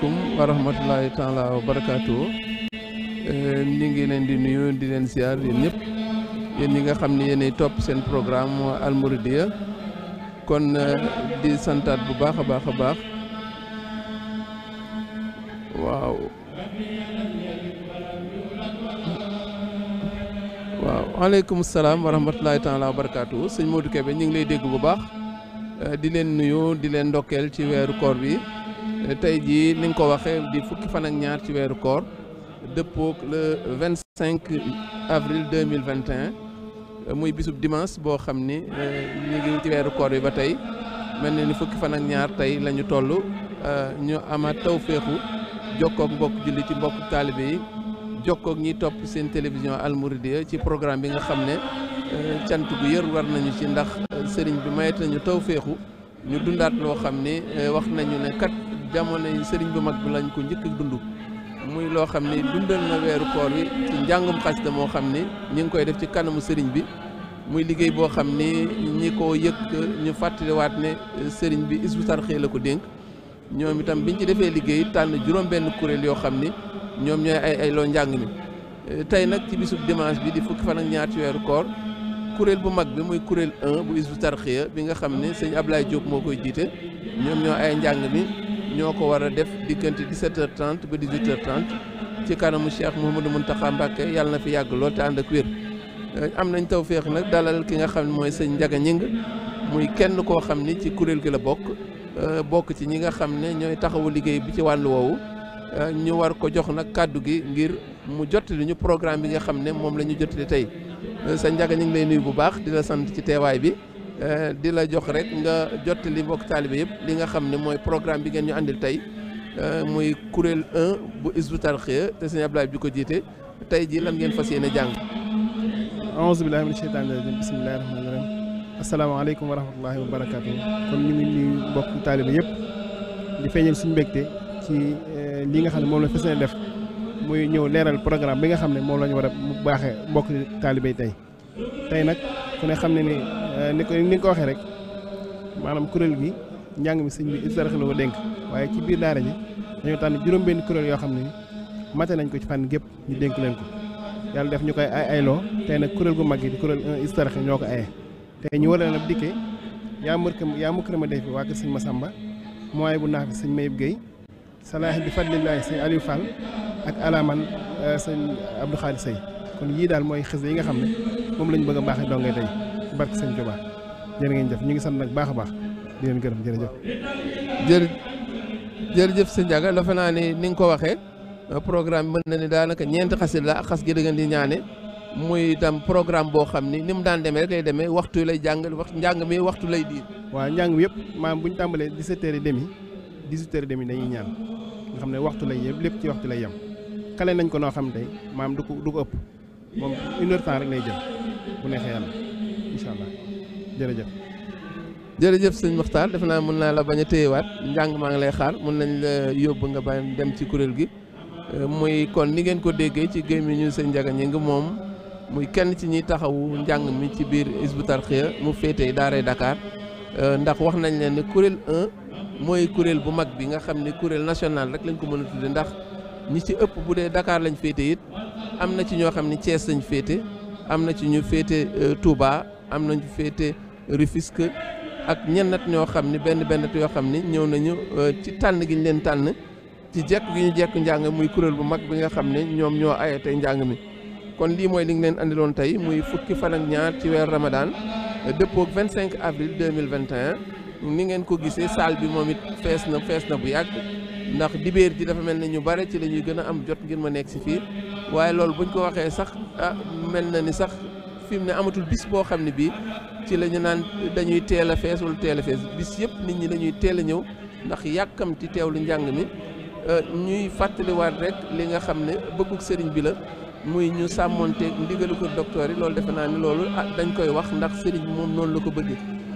wa rahmatullahi taala wa barakaatu eh, ñu ngi leen di nuyu di leen ziar nga xam ne yéenay topp seen programme almouridiya kon eh, di santaat bu baax a baax a baax waaw waaw salaam wa rahmatullahi taala wa barakaatu sëñ Modou ñu ngi lay dégg bu baax eh, di leen nuyu di leen ndokkeel ci weeru koor bi Euh, tey jii ni nga ko waxee di fukki fan ñaar ci weeru koor dëppook le vingt cinq avril mille vingt et euh, muy bisub dimance boo xam ni euh, ñu ngi ci weeru koor bi ba tey mel na ni fukki fan ak ñaar tey lañu ñu toll ñu amaat taw féexu jokkook mbokk julli ci mbokk taalibe yi jokkook ñi topp seen télévision almouridiya ci programme bi nga xam ne cant gu yër war nañu ci ndax sëriñ bi mayet nañu taw féexu ñu dundaat loo xam ni wax nañu ne kat jamono yi sëriñ bu mag bi lañ ko njëkk dundu muy loo xam ni dundal na weeru koor wi ci njàngum xasida moo xam ni ñi ngi koy def ci kanamu sëriñ bi muy liggéey boo xam ni ñi ko yëkk ñu fàttaliwaat ne sëriñ bi isbu sarxee la ko dénk ñoom itam biñ ci defee liggéey tànn juróom-benn kuréel yoo xam ni ñoom ñooy ay ay loo njàng mi tey nag ci bisub dimanche bi di fukki fan ñaati ñaar ci weeru koor kuréel bu mag bi muy kuréel 1 bu isbu tarxiya bi nga xam ne sëñ Ablaye Diop moo koy jiite ñoom ay njàng ñoo ko war a def diggante 17h30 ba di h 30 ci kanamu Cheikh Mouhamadou Mountakha Mbacké yàlla na fi yàgg lool te ànd ak wér. Eh, am nañ taw féex nag dalal ki nga xam ne mooy sëñ Ndiaga Gning muy kenn koo xam ni ci kuréel gi la bokk eh, bokk ci ñi nga xam ne ñooy taxawu liggéey bi ci wàllu woowu eh, ñu war ko jox nag kàddu gi ngir mu jottali ñu programme bi nga xam ne moom la ñu jottali tey sëñ Ndiaga ñu ngi lay nuyu bu baax di la sant ci teewaay bi. Euh, di la jox rek nga jottali mbokk taalibe yëpp li nga xam ne mooy programme bi ngeen ñu àndil tey euh, muy kuréel 1 bu Hizbut Tarqiyyah te sëñ ko jiite tey jii lan ngeen fas yéene jàng. aouzu billahi mina shaytaani rajim bismillahi rahmaani rahim asalaamaaleykum wa rahmatullahi wa barakaatu kon ñu ngi nuyu mbokk taalibe yëpp di feeñal suñu mbégte ci euh, li nga xam ne moom la fas yéene def muy ñëw leeral programme bi nga xam ne moom la ñu war a baaxee mbokk taalibe tey tey nag. ku ne xam ne ni eh, ni ko ni nga ko waxee rek maanaam kuréel gi njàng mi sëñ bi istarax la dénk waaye ci biir daara ji dañoo tànn juróom-benn kuréel yoo xam ne mate nañ ko ci fànn gépp ñu dénk leen ko yàlla def ñu koy ay ayloo tey ne kuréel gu mag yi di kuréel istarax ñoo ko aye tey ñu war leen ab dikkee yaa mërk yaa mëkkër ma def waa kër sëñ Masamba mooy bu naax bi sëñ Mayib Guèye salaahi bi fadlillaahi sëñ Aliou Fall ak alaman eh, sëñ Abdou kon yii daal mooy xis yi nga xam ne moom lañu bëgg a baaxee dongee tey ci barke sëñ Touba jërë ngeen jëf ñu ngi sant nag baax a baax di leen gërëm jërëjëf. jërë jërëjëf sëñ Ndiaga dafa naa ni ni nga ko waxee programme mën na ni daanaka ñeenti xasit la ak xas gi da ngeen di ñaane muy itam programme boo xam ni ni mu daan demee rek lay demee waxtu lay jàngal wax njàng mi waxtu lay diir. waaw njàng mi yëpp maanaam bu ñu tàmbalee 17 yi demi 18h30 dañuy ñaan nga xam ne waxtu lay yem lépp ci waxtu lay yem kale nañ ko noo xam tey maam du ko du ëpp moom une heure temps rek lay jël. bu neexee yàlla incha allah jërëjëf. jërëjëf sëñ Muxtaar def naa mën naa la bañ a téyewaat njàng maa ngi lay xaar mun nañ la yóbbu nga bañ dem ci kuréel gi euh, muy kon ni ngeen ko déggee ci gémmiñu sëñ Njaga ñi ngi moom muy kenn ci ñi taxawu njàng mi ci biir Hizbut Tarqiyyah mu féetee daaray Dakar euh, ndax wax nañ leen ne kuréel mooy kuréel bu mag bi nga xam ne kuréel national rek lañ ko mën a tudde ndax ñi ci ëpp bu dee dakaar lañ féete it am na ci ñoo xam ne Thiès lañ féete am na ci ñu féete euh, Touba am na ñu féete Rufisque ak ñennat ñoo xam ni benn bennat yoo xam ni ñëw nañu euh, ci tànn gi ñu leen tànn ci jekk gi ñu jekk njàng muy kuréel bu mag bi nga xam ne ñoom ñoo aye tey njàng mi kon lii mooy li nga leen andiloon tey muy fukki fan ak ñaar ci weer Ramadan euh, dëppoog 25 avril 2021 ni ngeen ko gisee salle bi moom it fees na fees na bu yàgg ndax dibéer ji dafa mel na ñu bare ci la ñuy gën a am jot ngir ma nekk si fii waaye loolu buñ ko waxee sax ah mel na ni sax fi mu ne amatul bis boo xam ne bii ci la ñu naan dañuy teel a fees wala teel fees bis yëpp nit ñi dañuy teel a ñëw ndax yàkkamti teew teewlu njàng mi ah, ñuy fàttaliwaat rek li nga xam ne bëggug sëriñ bi la muy ñu sàmmonteeg ndigalu ko docteur yi loolu defe naa ni loolu ah dañ koy wax ndax sëriñ moom noonu la ko bëggee.